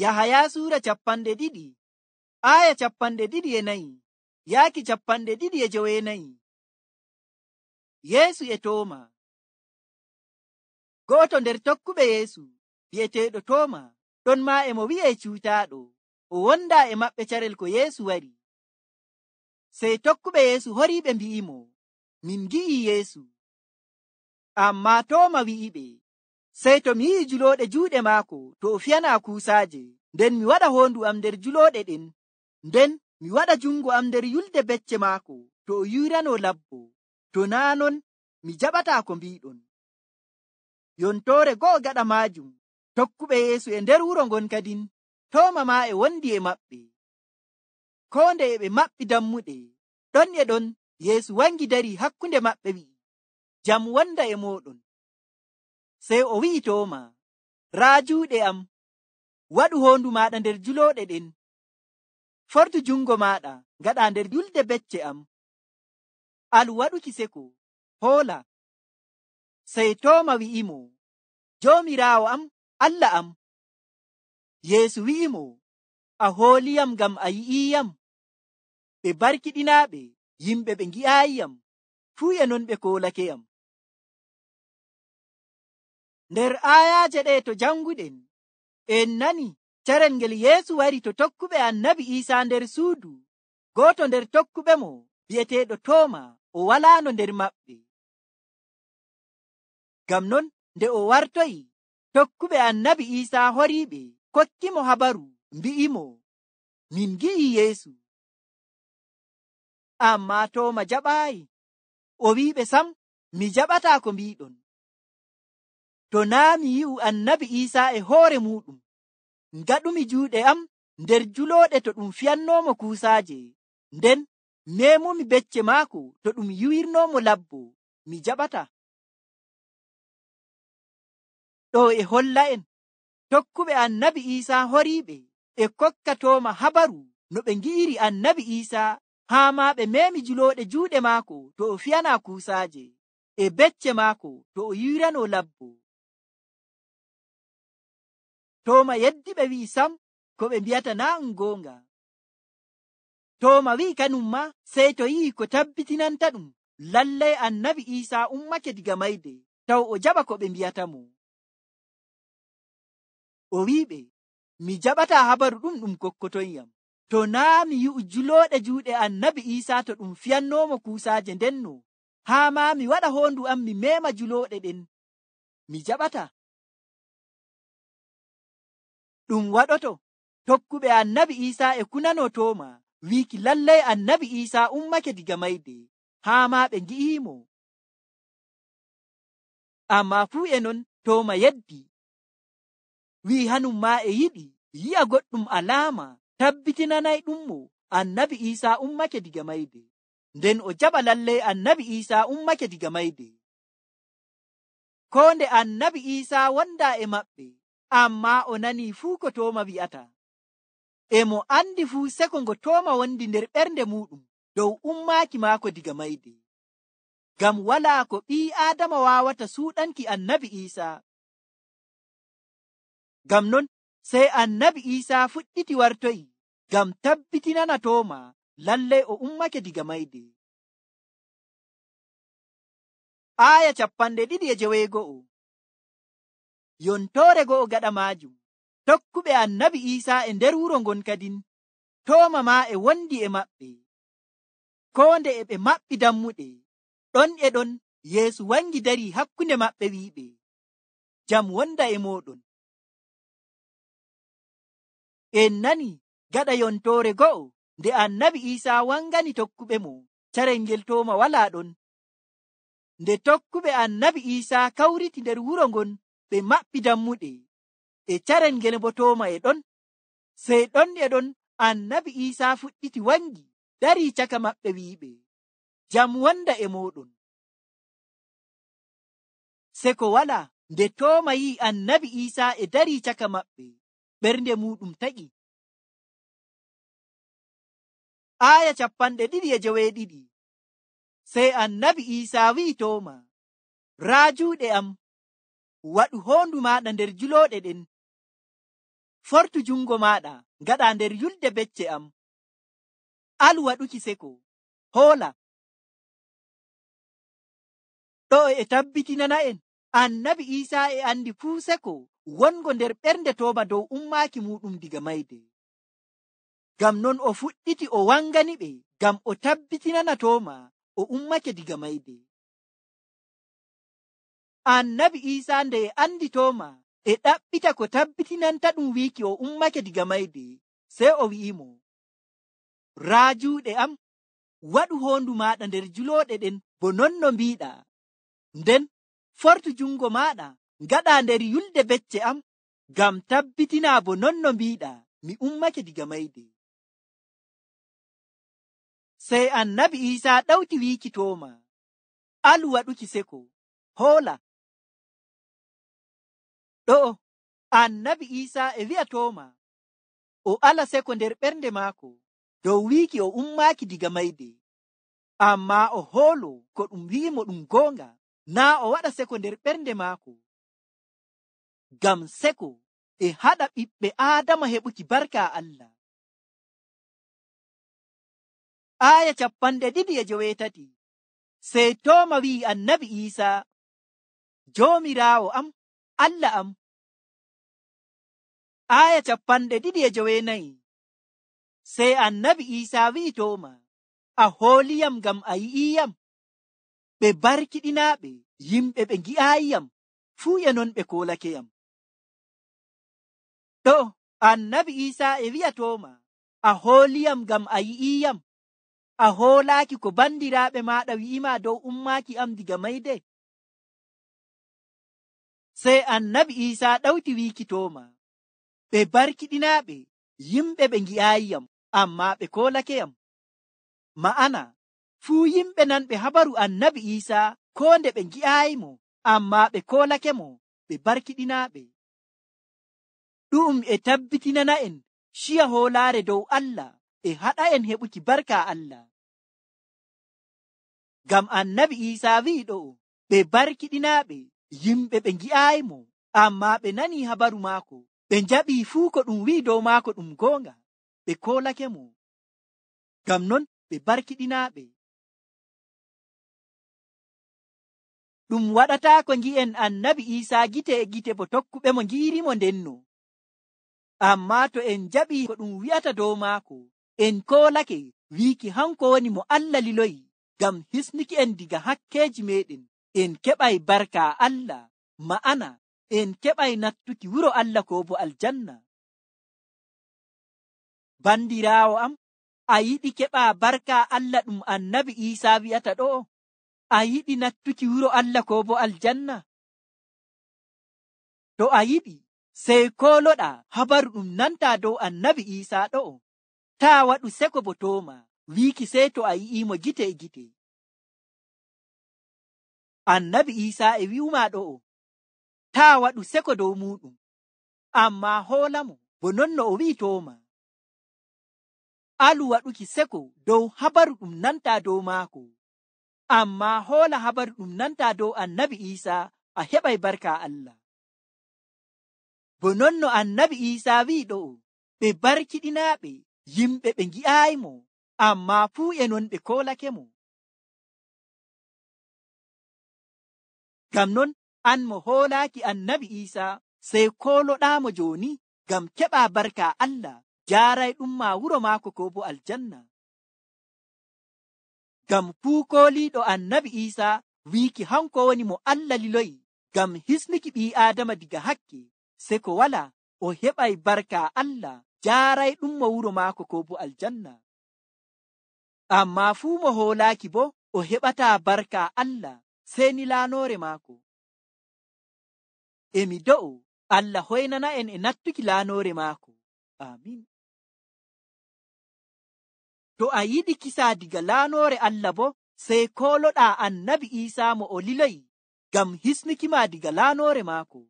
yahaya suura capanɗe ɗiɗi aya capanɗe ɗiɗi e nayi yaaki capanɗe ɗiɗi e joweenayi yeesu e tooma gooto nder tokkuɓe yeesu wi'eteeɗo tooma ɗon maa e mo wi'ee cuutaaɗo o wonda e maɓɓe carel ko yeesu wari sey tokkuɓe yeesu horiiɓe mbi'imo min ngi'ii yeesu ammaa tooma wi'iɓe sei to mi yi'i julooɗe juuɗe maako to o fiyana kuusaaje nden mi waɗa hondu am nder julooɗe ɗen nden mi waɗa jungo am nder yulde becce maako to o yurano labbo to naa non mi jaɓata ko mbiɗon yontoore go'o gaɗa maajum tokkuɓe yeesu e nder wuro ngon kadin toma ma e wondi e maɓɓe ko nde e ɓe maɓɓi dammuɗe ɗon e ɗon yeesu wangi dari hakkunde maɓɓe wi'i jam wonda e moɗon sey o wi'i toma raajuuɗe am waɗu hondu maɗa nder julooɗe ɗen fortu jungo maɗa ngaɗa nder julde becce am alu waɗuki seko hoola sey toma wi'imo joomiraawo am allah am yeesu wi'imo a hooliyam ngam a yi'iyam ɓe barkiɗinaaɓe yimɓe ɓe ngi'aayiyam fuu e non ɓe koolake am nder ayaje ɗe to janguɗen en nani carel ngel yeesu wari to tokkuɓe annabi isa nder suudu gooto nder tokkuɓe mo bi'eteeɗo toma o walaano nder maɓɓe ngam non nde o wartoyi tokkuɓe annabi isa horiiɓe kokkimo habaru mbi'imo min ngi'i yeesu amma toma jaɓaayi o wiiɓe sam mi jaɓataa ko mbiɗon to naami yi'u annabi isa e hoore muɗum ngaɗumi juuɗe am nder julooɗe to ɗum fiyannoomo kuusaaje nden meemumi becce maako to ɗum yiwirnoomo labbo mi jaɓata ɗo e holla en tokkuɓe annabi isa horiiɓe e kokkatooma habaru no ɓe ngi'iri annabi isa haa maa ɓe meemi julooɗe juuɗe maako to o fiyana kuusaaje e becce maako to o yiwirano labbo toma yeddi ɓe wi'i sam ko ɓe mbiyata na an gonga toma wi'i kanum ma sey to yi'i ko tabbitinanta ɗum lallay annabi isa ummake diga mayde taw o jaɓa ko ɓe mbiyata mo o wiɓe mi jaɓata habaru ɗum ɗum kokkotonyam to naa mi yi'u julooɗe juuɗe annabi isa to ɗum fiyannomo kuusaaje ndenno haa ma mi waɗa hondu am mi mema julooɗe ɗen mi jaɓata ɗum waɗoto tokkuɓe annabi isa e kunano toma wiki lallai annabi isa ummake diga maide haa ma ɓe gi'imo amma fuu e non toma yeddi wi hanum ma e yiɗi yi'a goɗɗum alaama tabbitinanay ɗummo annabi isa ummake diga mayde nden o jaɓa lallai annabi isa ummake diga mayde ko nde annabi isa wonda e maɓɓe amma o nani fuu ko toma wi'ata e mo andi fuu seko ngo toma wondi nder ɓernde muɗum dow ummaaki maako diga mayde ngam wala ko ɓii aadama wawata suɗanki annabi isa ngam non sey annabi isa fuɗɗiti wartoyi ngam tabbitinana toma lallay o ummake diga mayde aya capanɗe ɗiɗi e jewego'o yontore go'o gaɗa majum tokkuɓe annabi isa e nder wuro ngon kadin toma ma e wondi e maɓɓe ko nde e ɓe maɓɓi dammuɗe ɗon e ɗon yeesu wangi dari hakkunde maɓɓe wiɓe jam wonda e moɗon en nani gaɗa yontore go'o nde annabi isa wangani tokkuɓe mo carengel toma wala ɗon nde tokkuɓe annabi isa kawriti nder wuro ngon ɓe maɓɓi dammuɗe e caren gele bo toma e ɗon sey ɗon e ɗon annabi isa fuɗɗiti wangi dari caka maɓɓe wiɓe jam wonda e moɗon se ko wala nde toma yi annabi isa e dari caka maɓɓe ɓernde muɗum taƴi aya capanɗe ɗiɗi e joweeɗiɗi sey annabi isa wi toma rajuɗe am waɗu hondu maɗa nder juloɗe ɗen fortu jungo maɗa ngaɗa nder yulde becce am alu waɗuki seko hoola ɗo e tabbitinana en annabi isa e andi fuu seko wongo nder ɓernde toba dow ummaki muɗum diga mayde gam non o fuɗɗiti o wangani ɓe gam o tabbitinana toma o ummake diga mayde annabi isa nde e annditoma e ɗaɓɓita ko tabbitinanta ɗum wiiki o ummake diga mayde sey o wi'imo raajuuɗe am waɗu hoondu maaɗa nder julooɗe ɗen bo nonno mbiiɗa nden fortu jungo maaɗa ngaɗa nder yulde becce am ngam tabbitina bo nonno mbiiɗa mi ummake diga mayde sey annabi isaa ɗawti wiiki toma alu waɗuki seko hoola ɗo annabi isa e wi'atoma o ala seko nder ɓernde maako dow wiiki o ummaaki diga mayde amma o hoolo ko ɗum wi'imo ɗum goonga naa o waɗa seko nder ɓernde maako ngam seko e haɗa ɓiɓɓe aadama heɓuki barka allah aya capanɗe ɗiɗi e jowetati sey toma wi'i annabi isa joomiraawo am allah am aya capanɗe ɗiɗi e jowenayi sey annabi isa wi'i toma a holiyam ngam a yi'iyam ɓe barkiɗinaɓe yimɓe ɓe gi'ayiyam fuu e non ɓe kolakeyam ɗo annabi isa e wi'a toma a holiyam ngam a yi'iyam a holaki ko bandiraɓe maɗa wi'ima dow ummaki am diga maide sey annabi isa ɗawti wikitoma ɓe barkiɗinaɓe yimɓe ɓe gi'ayiyam amma ɓe kolakeyam ma'ana fuu yimɓe nanɓe habaru annabi isa ko nde ɓe gi'ayimo amma ɓe kolake mo ɓe barkiɗinaɓe ɗum e tabbitinana en shiya holaare dow allah e haɗa en heɓuki barka allah ngam annabi isa wi'i ɗo'o ɓe barkiɗinaɓe yimɓe ɓe gi'aymo amma ɓe nani habaru maako ɓe jaɓi fuu ko ɗum wi dow maako ɗum goonga ɓe kolake mo ngam non ɓe barkiɗinaaɓe ɗum waɗata ko ngi'en annabi isa gite e gite bo tokkuɓe mo ngirimo ndenno amma to en jaɓi ko ɗum wi'ata dow maako en kolake wiiki hanko woni mo allah liloyi ngam hisniki en diga hakkeji meɗen en keɓai barka allah ma'ana en keɓai nattuki wuro allah ko bo aljanna bandirawo am a yiɗi keɓa barka allah ɗum annabi isa wi'ata ɗo a yiɗi nattuki wuro allah ko bo aljanna to a yiɗi sey koloɗa habaru ɗum nanta dow annabi isa ɗo ta waɗu seko bo toma wiki sey to a yi'imo gite gite annabi isa e wi'uma ɗo o ta waɗu seko dow muɗum amma hoolamo bo nonno o wi'i toma alu waɗuki seko dow habaru ɗum nanta dow maako amma hoola habaru ɗum nanta dow annabi isa a heɓai barka allah bo nonno annabi isa wi'i ɗo o ɓe barkiɗinaaɓe yimɓe ɓe gi'aymo amma fuu e non ɓe kolake mo ngam non an mo hoolaaki annabi iisaa sey kooloɗaamo jooni ngam keɓaa barka allah jaaray ɗumma wuro maako ko bo aljanna ngam puukooliiɗo annabi iisaa wi'iki hanko woni mo allah liloyi ngam hisniki ɓii aadama diga hakke se ko wala o heɓay barka allah jaaray ɗum mo wuro maako ko bo aljanna ammaa fuu mo hoolaaki bo o heɓataa barka allah seni lanore mako emi do'o allah hoynana en e nattuki lanore mako amin to a yiɗi kisa diga lanore allah bo sei koloɗa annabi isa mo o liloyi ngam hisnikima diga lanore mako